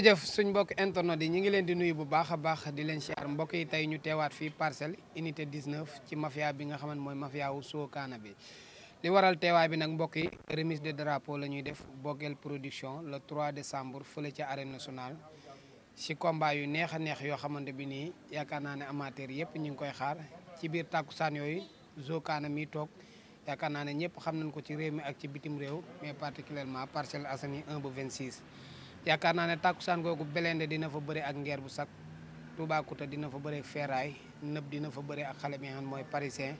jërëjëf suñ mbokk internet yi ñu ngi leen di nuyu bu baax a baax di leen siyaar mbokk yi tey ñu teewaat fii parcelle unité 19 ci mafia bi nga xamant mooy mafia wu Sokana bi li waral teewaay bi nag mbokk yi remise de drapeau la ñuy def Bokel production le 3 décembre fële ca arène nationale si combat yu neex a neex yoo xamante bi nii yaakaar naa ne amateur yëpp ñu ngi koy xaar ci biir saan yooyu Sokana mi toog yaakaar naa ne ñëpp xam nañ ko ci réew mi ak ci bitim réew mais particulièrement Parcelles Assainies 1 ba 26 yaakaar naa ne tàkkusaan googu Belende dina fa bëre ak ngeer bu sac Toubacouta dina fa bëre ak Ferraille nëb dina fa bëre ak xale bi xam mooy parisien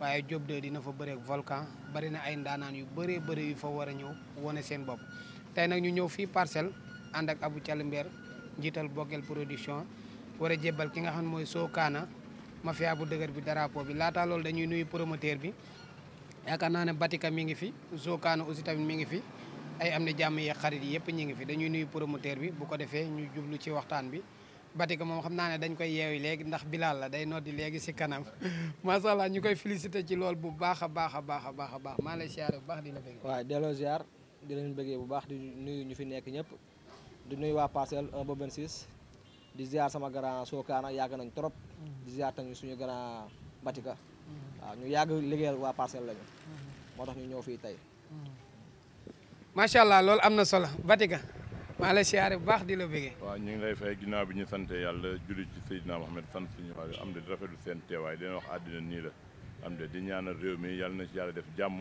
waaye Diop 2 dina fa bëre ak volcan bari na ay ndaanaan yu bëree bëri yu fa war a ñëw wane seen bopp tey nag ñu ñëw fii parcelle ànd ak Abou Thialimber njiital bogel production war a jébbal ki nga xam mooy soo Sokana mafia bu dëgër bi drapeau bi laataa loolu dañuy nuyu promoteur bi yaakaar naa ne Batika mi ngi fi Sokana aussi tamit mi ngi fi ay am na jàmm yeeg xarit yi yëpp ñu ngi fi dañuy nuyu promoteur bi bu ko defee ñu jublu ci waxtaan bi Batika moom xam naa ne dañ koy yeewi léegi ndax Bilal la day noddi léegi si kanam macha allah ñu koy félicité ci lool bu baax a baax a baax a baax a baax maa lay siyaare bu baax di la di leen bëggee bu baax di nuyu ñu fi nekk ñëpp di nuyu waa parcelle 1 ba 26 di ziar sama grand Sokana yàgg nañ trop di ziar tamit suñu grand Batika mm-hmm. waaw ñu yàgg liggéeyal waa parcelle lañu mm-hmm. moo tax ñu ñëw fii tey. Mm-hmm. macha allah loolu am na solo Vatican maa la siyaare bu baax di la bëggee. waaw ñu ngi lay fay ginnaaw bi ñu sante yàlla julli ci Seydina Mohamed sant suñu waa am de rafetlu seen teewaay dina wax àddina nii la am de di ñaanal réew mi yàlla na ci yàlla def jàmm.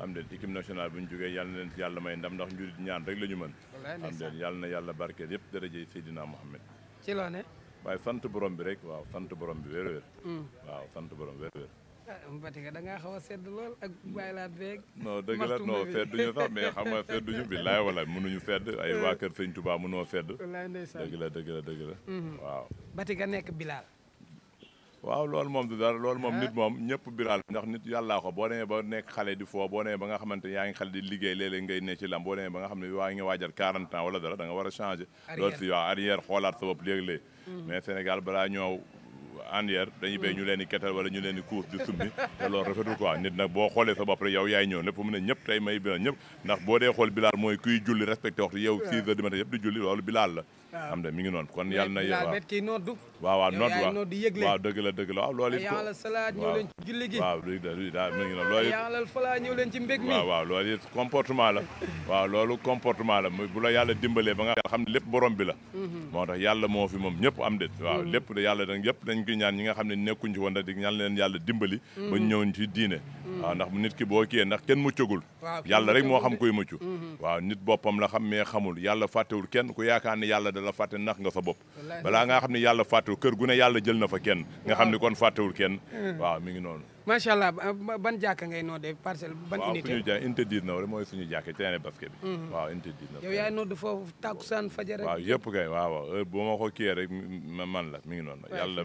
am de équipe nationale bu ñu jógee yàlla na leen ci yàlla may ndam ndax ñu ñaan rek la ñu mën. am de yàlla na yàlla barkeel yëpp daraje Seydina Mohamed. ci loo ne. waaye sant borom bi rek waaw sant borom bi wér-wér. Mm. waaw Fatick ah, da ngaa xaw a sedd lool ak baylaat beeg. non dëgg la non fedd duñu sax xam nga fedd duñu billaay wala mënuñu fedd ay euh. waa Kër Sëñ Touba mënoo fedd. wallaay ndeysaan dëgg la dëgg la dëgg la. Mhm. waaw. Fatick a nekk Bilal. waaw loolu moom du dara loolu moom ah. nit moom ñëpp Bilal. ndax nit yàllaa ko boo demee ba nekk xale di foo boo demee ba nga xamante yaa ngi xale di liggéey léeg-léeg ngay ne ci lam boo demee ba nga xam ne waa ngi waajal 40 ans wala dara da war a changer. arrière si waaw arrière xoolaat sa bopp léeg-léeg mhm. mais Sénégal balaa ñëw andière dañuy mm. béy ñu leen di ketal wala ñu leen di kuuf di summi te loolu rafetul quoi nit nag boo xoolee sa rek yow yaay ñëw lépp mu ne ñëpp tey may bilaal ñëpp ndax la xam ne mi ngi noonu la dëgg la waaw loolu yàlla salaat ñëw leen ci julli gi la mi ngi noonu comportement la waaw loolu comportement la bu la yàlla dimbalee ba nga xam ne lépp borom bi la mm-hmm. moo tax yàlla moo fi moom ñëpp am déet waaw mm-hmm. lépp da yàlla da yëpp dañ ko ñaan ñi nga xam ne nekkuñ ci woon da di ñaan leen yàlla dimbali ba ñu mm-hmm. ñëw diine mm-hmm. waaw ndax nit ki boo kiyee ndax kenn muccagul yàlla rek moo xam koy mucc mm-hmm. waaw nit boppam la xam mais xamul yàlla fàttewul kenn ku yaakaar ne yàlla da dala fàtte nax nga sa bopp balaa nga xam ne yàlla fàttewul kër gu ne yàlla jël na fa kenn nga xam ne kon fàttewul kenn mm. waaw mi ngi noonu macha allah ban jàkka ngay noodee parcelle ban unité waaw fu ñuy jaay unité 19 rek mooy suñu jàkka terrain basket bi. Mhm. waaw unité 19. yow yaay nood foofu takusaan fajar. waaw yëpp kay waaw waaw heure bu ma ko kiiyee rek man la mi ngi noonu. yàlla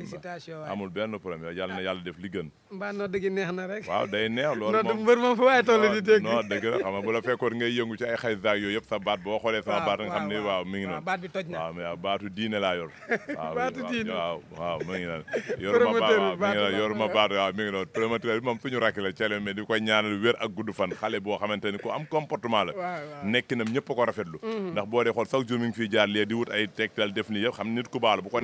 amul benn problème yàlla na ah. yàlla def li gën. mbaa nood gi neex na rek. waaw day neex loolu moom nood mbër moom fu waay toll di dégg. non dëgg la xam nga bu la fekkoon ngay yëngu ci ay xaysaag yooyu yëpp sa baat boo xoolee sama baat nga xam ne waaw mi ngi noonu. baat bi toj na waaw baatu diine laa yor. baatu diine waaw waaw mi ngi noonu. promoteur bi baatu waaw mi ngi noonu xamante ne moom suñu rakk la di ko ñaanal wér ak gudd fan xale boo xamante ne am comportement la nekkinam ñëpp a ko rafetlu mm-hmm. ndax boo dee xool chaque jour mi jaar lee di wut ay tegtal def ni yëpp xam nit ku baalu bu ko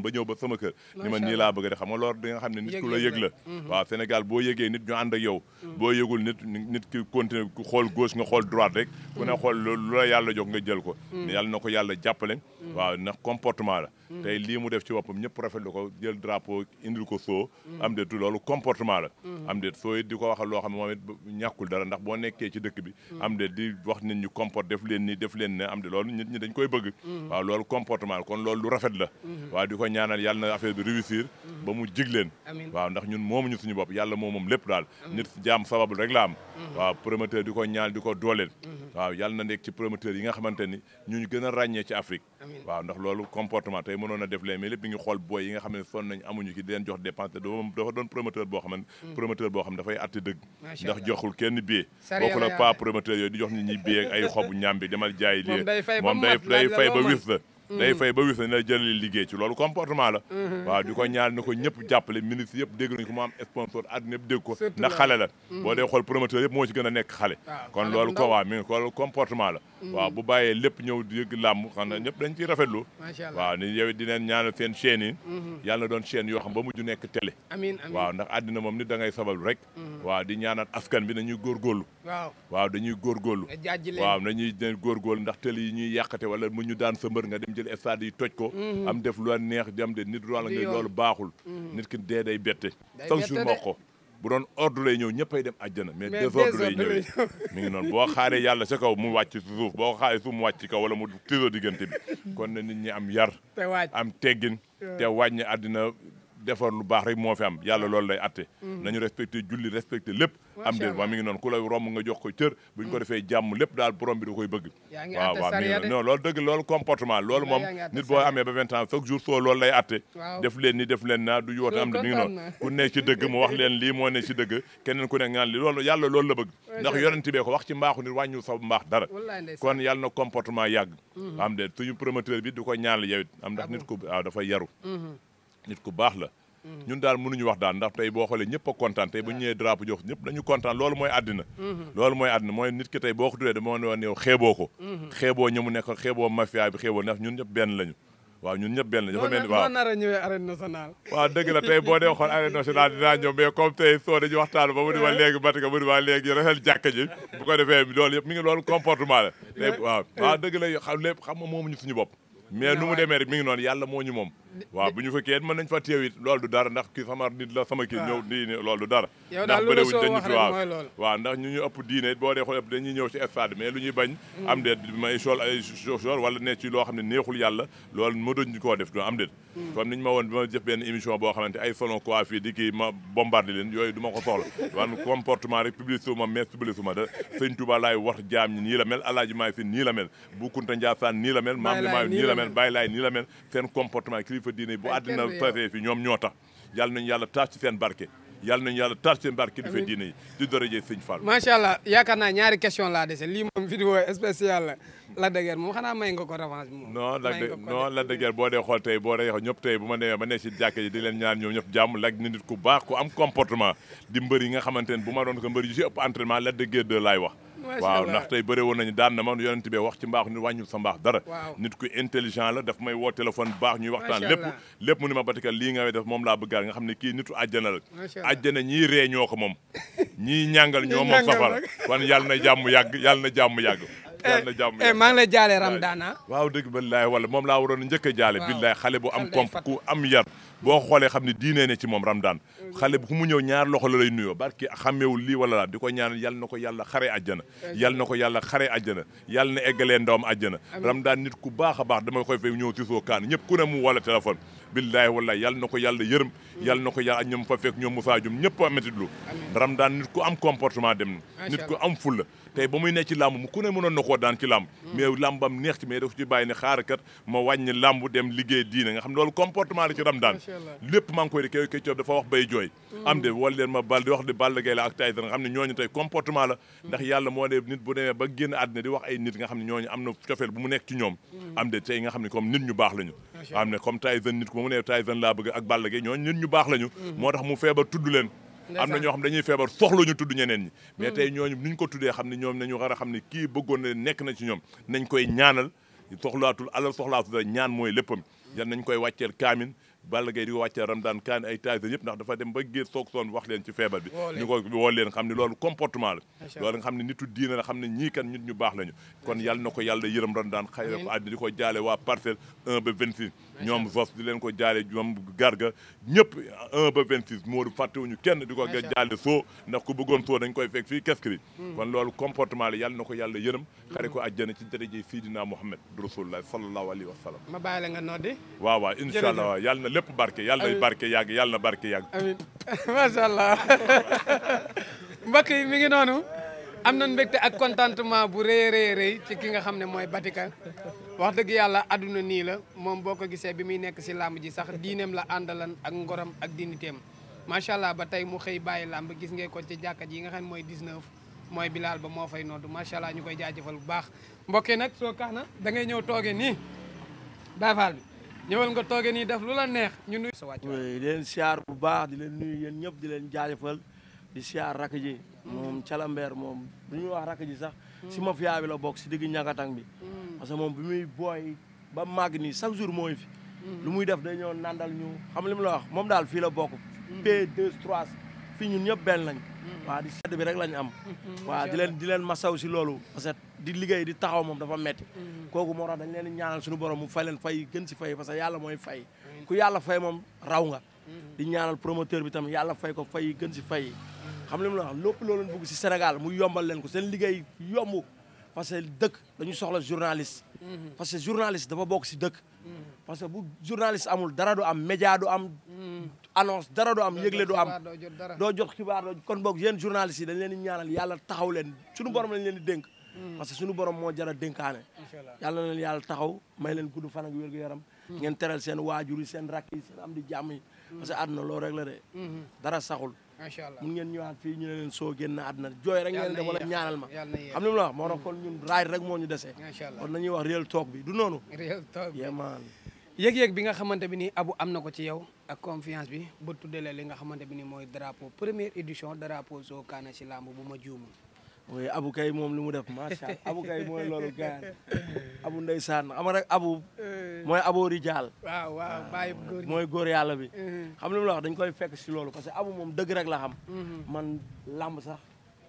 ba ñëw ba sama kër ni ma mm-hmm. boo yëgee nit ñu ànd ak yow mm-hmm. boo yëgul nit nit ki continuer ku xool gauche nga xool rek ku xool lu la yàlla jox nga jël ko yàlla na ko yàlla jàppale waaw ndax comportement la tey lii mu def ci boppam ñëpp rafetlu ko jël drapeau indil ko soo am de du loolu comportement la am de soo di ko waxal loo xam ne moom it ñàkkul dara ndax boo nekkee ci dëkk bi am de di wax nit ñu comporte def leen nii def leen ne am de loolu nit ñi dañ koy bëgg waaw loolu comportement la kon loolu lu rafet la waaw di ko ñaanal yàlla na affaire bi réussir ba mu jig leen waaw ndax ñun ñu suñu bopp yàlla moo moom lépp daal nit jaam sababul rek la am waaw promoteur di ko ñaan di ko dooleel waaw yàlla na nekk ci promoteur yi nga xamante ni ñu gën a ràññee ci Afrique waaw ndax loolu comportement tey mënoon a def leen mais lépp bi ngi xool booy yi nga xam ne sonn nañ amuñu ki di leen jox dépense te dafa doon mm. promoteur boo xam ne dafay àtte dëgg ndax joxul la pas promoteur yooyu di jox nit ñi billet ak ay xobu ñambi demal jaay na la mm. jëlali liggéey ci loolu comportement la mm-hmm. waaw di ko ñaan na ko ñëpp jàppale ministre yëpp dégg ko mu xale la mm. boo dee xool promoteur yëpp moo ci gën a nekk xale kon loolu ko waaw mi ngi comportement la Mm-hmm. waaw bu bàyyee lépp ñëw yëg làmb xam na ñëpp dañ ciy rafetlu waaw ni yow dineen ñaanal seen chaîne yi mm-hmm. yàlla doon chaîne yoo xam ba mujj nekk tele amiin amiin waaw ndax àddina moom nit dangay ngay rek mm-hmm. waaw di ñaanal askan bi na ñuy góor góorgóorlu waaw waaw dañuy góorgóorlu waaw nañuy góorgóorlu ndax télé yi ñuy yàqate wala mu ñu daan sa nga dem jël stade yi toj ko am def lu neex jam de nit rool nga loolu baaxul nit ki dee day bette chaque jour moo ko bu doon ordre lay ñëw ñëppay dem àjjana mais désordre lay ñëwee mi ngi noonu boo xaaree yàlla sa kaw mu wàcc suuf boo xaaree suuf mu wàcc kaw wala mu tiso diggante bi kon na nit ñi am yar am teggin te wàññi àddina defar lu baax rek moo fi am yàlla lool lay atte mm-hmm. nañu respecté julli respecté lépp am déet waaw mi noonu ku lay romb nga jox ko cër bu ñu ko mm-hmm. defee jàmm lépp daal borom bi da koy bëgg waaw waaw non loolu dëgg loolu comportement loolu moom nit boo amee ba vingt ans chaque jour soo loolu lay atte def leen leen naa du am na mi ngi noonu ku nekk ci dëgg mu wax leen lii moo nekk ci dëgg keneen ku nekk ngaan li loolu yàlla lool la bëgg ndax yonent bee ko wax ci mbaaxu nit wàññu sa mbaax dara kon yàlla na comportement yàgg mm-hmm. am déet suñu promoteur bi di ko ñaan yewit am ndax nit ah ku waaw dafa yaru nit ku baax la ñun daal mënuñu wax daal ndax tey boo xoolee ñëpp a kontaan tey bu ñu ñëwee drapeau jox ñëpp dañu kontaan loolu mooy àddina mm-hmm. loolu mooy àddina mooy nit ki tey boo ko tuddee dama ne woon yow xeeboo ko mm-hmm. xeeboo ñi mu ñun ñëpp benn lañu waaw ñun ñëpp benn dafa waaw a ñëwee arène nationale waaw dëgg la tey boo dee xool arène nationale dinaa ñëw mais comme tey soo dañu waxtaan ba mu di ma léegi batika mu di ma léegi rafet jàkk ji bu ko defee loolu yëpp mi ngi loolu comportement la tey waaw waaw dëgg la xam lépp xam suñu bopp mais nu mu demee rek mi ngi noonu yàlla moo ñu moom waaw bu ñu fekkee mën nañ fa teew it loolu du dara ndax kii sama nit la sama kii ñëw nii ne du dara ndax bëriwuñ dañu ñëw ci stade mais lu ñuy bañ mm. am deet may sol ay ne ci loo xam ne neexul yàlla loolu ma doñ koo def do am deet mm. comme niñ ma woon bi ma jëf benn émission boo xamante ay salon coiffure di kii ma bombardé leen yooyu du ma ko soxla wan comportement rek publicité wu ma mais publicité da sëñ Touba wax jaam ñi nii la mel kilifa diine bu àddina tafee fi ñoom ñoo tax yàlla nañu yàlla taas ci seen barke yàlla nañu yàlla taas ci seen barke kilifa diine yi di dorëjee sëñ Fall macha allah yaakaar naa ñaari question laa dese lii moom vidéo spéciale la la de Guiers moom xanaa may nga ko revanche moom. non Lac de non Lac de boo dee xool tey boo dee xool ñëpp tey bu ma nee ma ne si jàkka ji di leen ñaan ñoom ñëpp jàmm Lac ni nit ku baax ku am nga xamante ne bu ma doon ko mbër yu si ëpp entraînement Lac de Guiers 2 laay wax. waaw ndax na ma yonent bi wax ci mbaax ñu wàññul sa mbaax dara nit la daf may woo téléphone baax ñuy waxtaan lépp lépp mu ni nga wee moom laa bëggaat nga xam ne kii nitu àjjana la àjjana ñii ñoo ko moom ñii ñàngal ñoo moom safara kon yàlla na jàmm yàgg yàlla na jàmm yàgg yàlla eh, na jàmm eh maa ngi lay jaale Ramadaan ah. waaw dëgg billaay wala moom laa waroon njëkk a jaale billaay xale bu am komp ku am yar xam ne diinee ne ci moom Ramadaan mm-hmm. xale bu mu ñëw ñaar loxo la lay nuyoo barki xàmmeewul lii wala laa di ko ñaanal yal na ko yàlla xare àjjana yal na ko yàlla xare àjjana yal na eggalee ndawam àjjana Ramadaan nit ku baax a baax dama koy fay ñëw ci soo kaan ñëpp ku ne wala téléphone billaay wala yal na ko yàlla yërëm mm-hmm. yal na ko yàlla ñoom fa fekk ñoom Moussa Dioum ñëpp ametitlu Ramadaan nit ku am comportement dem nit ku am fulla tey ba muy nekk ci làmb mu ku ne mënoon na koo daan ci làmb mm. mais làmbam neex ci mais daf ci bàyyi ne xaarakat ma wàññi làmb dem nga xam loolu comportement la ci ram daan lépp maa ngi koy di mm. am de wala leen ma bal di wax di Balla Gaye nga xam ne ñooñu comportement la mm. ndax yàlla moo dee nit bu demee ba génn àddina di wax ay nit nga xam ne ñooñu am na cofeel bu mu nekk ci ñoom am de tey nga xam ne comme nit ñu baax lañu am ne comme Tyson nit ku mu ne Tyson laa bëgg ak Balla Gaye ñooñu nit ñu baax lañu moo tax mu feebar tudd leen am na ñoo xam dañuy feebar soxla ñu tudd ñeneen ñi mais mm. tey ñooñu ni ñu ko tuddee xam ne ñoom nañu war a xam ne kii bëggoon na nekk na ci ñoom nañ koy ñaanal soxlaatul alal soxlaatul ñaan mooy léppam yan nañ koy wàcceel kaamin Balla Gaye di wàccee Ramdan Kaan ay taser yëpp ndax dafa dem ba géer soog soon wax leen ci feebar bi ñu ko woo leen xam ne loolu comportement la loolu nga xam ne nitu diina la xam ne ñii kan ñu baax lañu kon yàlla na ko yàlla yërëm Ramdan xayra ko àddina di ko jaale waa parcelle 1 ba 26 ñoom zos di leen ko jaale ñoom garga ñëpp 1 ba 26 moodu fàttewuñu kenn di ko jaale soo ndax ku bëggoon soo dañ koy fekk fii kesk bi hmm. kon loolu la yàlla na ko yàlla yërëm hmm. xare ko àjjana ci lépp barke yàlla nay barke yàlla na barke yàgg. amiin macha allah mbokk yi mi ngi noonu am na mbégte ak contentement bu rëy rëy rëy ci ki nga xam ne mooy Batika wax dëgg yàlla àdduna nii la moom boo ko gisee bi muy nekk si làmb ji sax diineem la àndalan ak ngoram ak digniteem macha allah ba tey mu xëy bàyyi làmb gis ngeen ko ci jàkka ji yi nga xam ne mooy 19. mooy bilaal ba moo fay nootu macha allah ñu koy jaajëfal bu baax mbokk nag soo kax na da ngay ñëw tooge nii baay bi ñëwal nga tooge nii def lu la neex ñu nuyu sa wàcc di leen siyaar bu baax di leen nuyu yéen ñëpp di leen jaajëfal di siyaar rakk ji moom calambeer moom bu ñuy wax rakk ji sax si mm. mafia bi la bokk si digg ñagatang bi mm. parce que moom bi muy booy ba màgg nii chaque jour mooy fi mm. lu muy def day ñëw nandal ñu xam li mu la wax moom daal fii la bokk p deux trois fii ñun ñëpp benn lañ waa di sedd bi rek lañ am mm-hmm. waa di leen di leen masaw si loolu parce que di liggéey di taxaw moom dafa metti mm-hmm. kooku moo tax dañ leen ñaanal suñu borom mu fay fay gën fay parce que mooy fay ku yàlla fay moom raw mm-hmm. di ñaanal promoteur bi tam yàlla fay ko fay gën si fay xam li mu la wax lépp loolu leen bëgg si Sénégal mu yombal leen ko seen liggéey yomb parce que dëkk dañu soxla journaliste mm-hmm. parce que journaliste dafa bokk si dëkk parce que bu journaliste amul dara du am média du am annonce dara du am yëgle du am doo jot xibaar doo kon boog yéen journaliste yi Mm. parce que suñu borom moo jara dénkaane yàlla na leen yàlla taxaw may leen gudd fan ak wér gu yaram mm. ngeen teral seen waajur yi seen rakk yi seen am di jàmm yi mm. parce que àdduna loolu rek la de mm-hmm. dara saxul macha allah mun ngeen ñëwaat fii ñu ne leen soo génn àdduna jooy rek ngeen def wala ñaanal ma xam ni mu la moo tax kon ñun raay rek moo ñu desee kon nañuy wax réel toog bi du noonu réel toog yëg-yëg bi nga xamante bi nii abu am na ko ci yow ak confiance bi bu tuddee la li nga xamante bi ni mooy drapeau première édition drapeau soo kaana si lamb bu ma juumul oui Abu kay moom lu mu def macha allah Abu kay mooy loolu gaan Abu ndeysaan ama rek Abu euh. mooy aboori jaal. waaw mooy góor yàlla bi. Euh. xam lu mu la koy fekk si loolu parce que Abu moom dëgg rek la xam. Mhm. man làmb sax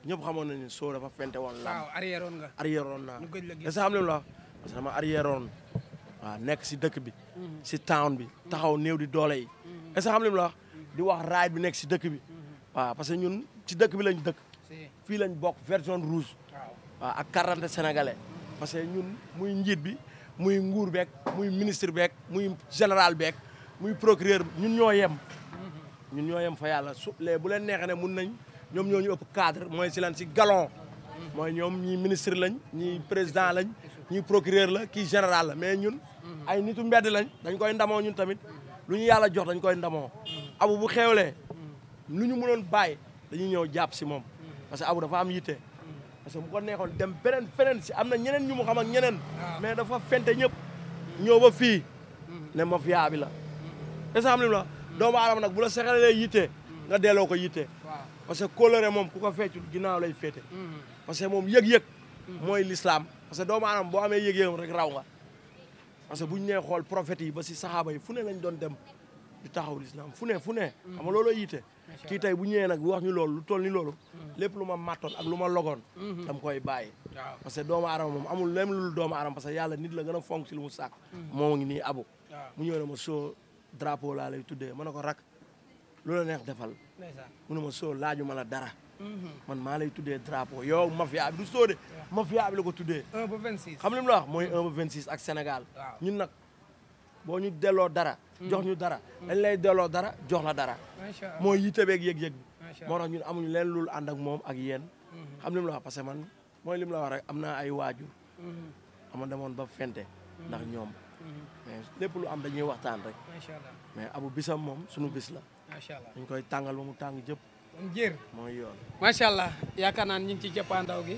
ñëpp xamoon nañu ne soo dafa fente woon. làmb waaw arrière woon nga. arrière woon naa te sax xam lu si dëkk bi. Mhm. si town bi taxaw néew di doole yi. Mhm. est ce que xam wax di bi nekk si dëkk bi. waaw parce que ñun ci dëkk bi lañ dëkk. fii lañ bokk vert jaune rouge. waaw ak quarante sénégalais. parce que ñun muy njiit bi muy nguur beeg muy ministre beeg muy général beeg muy procureur ñun ñoo yem. Mm-hmm. ñun ñoo yem fa yàlla su lee bu leen neexee ne mun nañ ñoom ñoo ñu ëpp cadre mooy si lan si galon. Mm-hmm. mooy ñoom ñii ministre lañ ñii président lañ ñii procureur la kii général la mais ñun. Mm-hmm. ay nitu mbedd lañ dañ koy ndamoo ñun tamit lu ñu yàlla jox dañ koy ndamoo. abu bu xewlee lu ñu mënoon bàyyi dañuy ñëw jàpp si moom. parce que dafa am yitte. parce que bu ko neexoon dem beneen feneen si am na ñeneen ñu mu xam ak ñeneen. Ah. mais dafa fente ñëpp. ñëw ba fii. Mm-hmm. ne ma fiyaa bi la. est am la doomu aadama nag bu la sexalee yitte. Mm-hmm. nga delloo ko yitte. parce que kóllëre moom ku ko feccul ginnaaw lay féete. Mm-hmm. parce que moom yëg-yëg. mooy lislaam parce que doomu aadama boo amee yëg-yëgam rek raw nga. parce que bu ñu nee xool prophètes yi ba si saxaaba yi fu ne lañ doon dem di taxaw lislaam fu ne fu ne. xam nga looloo kii tey bu ñëwee nag wax ñu loolu lu toll ni loolu mm-hmm. lépp lu ma màttoon ak lu ma logoon mm-hmm. dama koy bàyyi parce que doomu moom amul lenn lu doom aram parce que yàlla nit la gën a fonk si mu sàkk mm-hmm. moo ngi nii abu mu ñëw ne ma soo drapeau laa lay tuddee mën na ko rak lu la neex defal mu ne ma soo laaju ma la dara man maa lay tuddee drapeau yow mafia bi du sóode mafia bi la ko tuddee 1 ba 26 xam li mu la mooy vingt ba ak Sénégal ñun nag boo ñu delloo dara. Mm. jox ñu dara mm. dañ lay delloo dara jox la dara. moo yite beeg yëg-yëg bi. moo tax ñun leen lul ànd ak moom ak yéen. Mm-hmm. xam li mu la wax parce que man mooy li mu la wax rek am naa ay waajur. Mm-hmm. ama demoon ba fente. Mm-hmm. ndax ñoom. mais lépp lu am dañuy waxtaan rek. macha mais abu bisam moom suñu bis la. macha allah dañ koy tàngal ba mu tàng jëpp. kon mooy yoon. macha allah yaakaar naa ñu ngi ci jëppaandaw gi.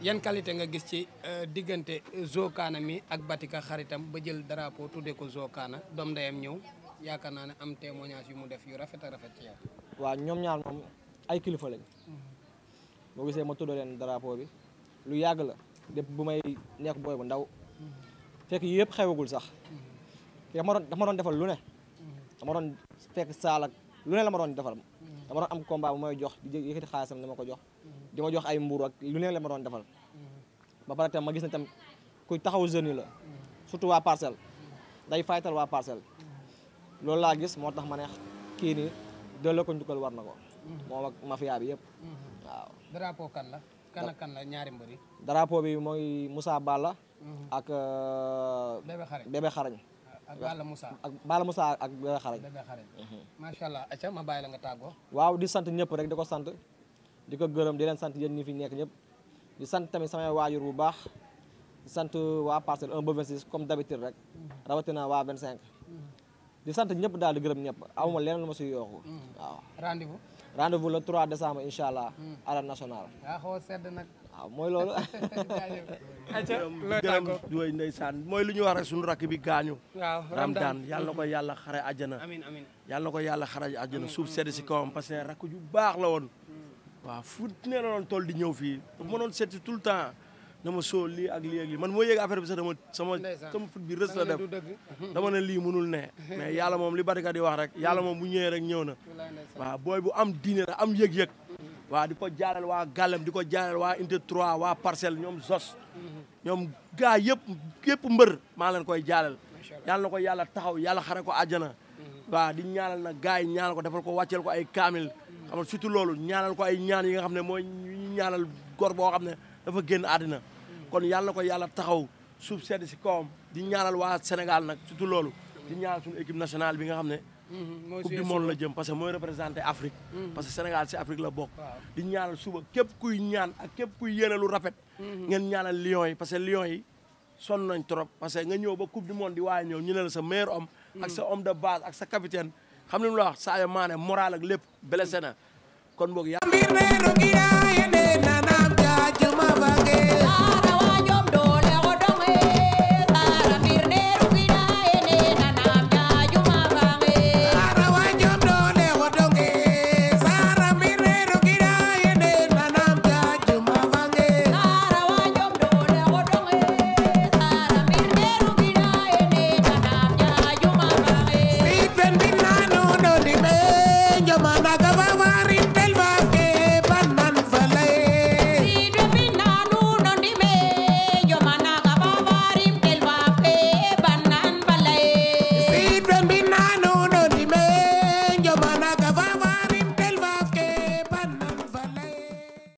yan qualité nga gis ci euh, diggante Zokaana mi ak Batika xaritam ba jël drapeau tuddee ko kaana doom ndeyam ñëw yaakaar naa ne am témoignage yu mu def yu rafet a rafet ci yow. waaw ñoom ñaar moom ay kilifa lañ. Mm-hmm. boo gisee ma tuddee leen drapeau bi lu yàgg la depuis bu may nekk booy bu ndaw. Mm-hmm. fekk yëpp xewagul sax. Mm-hmm. dama doon dama doon defal lu ne. dama doon fekk saal lu ne la ma doon defal. dama doon am combat bu may jox di yëkkati xaalisam dama ko jox. di ma jox ay mbuur ak lu ne la ma doon defal ba pare tam ma gis ne tam kuy taxaw jeunes la surtout waa parcel day faytal waa parcelle loolu laa gis moo tax ma ne kii nii delloo ko njukkal war na ko moom ak mafia bi yëpp waaw kan la kan ak ñaari mbër yi bi mooy Moussa Balla mhm. ak euh, Bébé Xarañ Bébé Xarañ ak Balla Moussa ak Balla Moussa ak Bébé Xarañ Bébé Xarañ mhm. ma bàyyi la nga tàggoo waaw di sant ñëpp rek di ko sant di ko gërëm di leen sant yéen ñi fi nekk ñëpp di sant tamit samay waajur bu baax di sant waa parcelle 1 ba 26 comme d'habitude rek rawatina waa 25. di sant ñëpp daal di gërëm ñëpp amuma leneen lu ma si yooku mm. waaw rendez-vous rendez-vous le 3 incha allah arène nationale waaw xaw a mooy loolu gërëm yooyu mooy lu ñu war a suñu rakk bi gaañu waaw ramdaan yàlla ko yàlla xare àjjana amiin amiin yàlla ko yàlla xare àjjana suuf sedd si kawam parce que rakk ju baax la woon waaw fu ne la di ñëw fii dafa ma doon seeti tout temps na ma sóol lii ak lii ak moo yëg affaire bi sax dama sama sama fut bi rës la def dama ne lii mënul ne mais yàlla moom li barika di wax rek yàlla moom bu ñëwee rek ñëw na waaw booy bu am diine la am yëg-yëg waaw di ko jaalal waa gàllam di ko jaalal waa unité 3 waa parcelle ñoom zos mhm. ñoom gaa yëpp yëpp mbër maa leen koy jaalal yàlla na ko yàlla taxaw yàlla xare ko àjjana mhm. waaw di ñaanal na gaa yi ko defal ko wàcceel xam nga surtout loolu ñaanal ko ay ñaan yi nga xam ne mooy ñu gor boo xam ne dafa génn àddina kon yàlla ko yàlla taxaw suuf sedd si kawam di ñaanal waa Sénégal nag surtout loolu di ñaanal suñu équipe nationale bi nga xam ne mm-hmm. coupe du monde la jëm parce que mooy représenté Afrique mm-hmm. parce que Sénégal si Afrique la bokk di ñaanal suba képp kuy ñaan ak képp kuy yéene lu rafet mm-hmm. ngeen ñaanal Lions yi parce que Lions yi sonn nañ trop parce que nga ñëw ba coupe du monde di waaye ñëw ñu ne la sa meilleur homme ak sa ak sa capitaine xam ne lu la wax Sadio Mané moral ak lépp blessé na kon boog yaa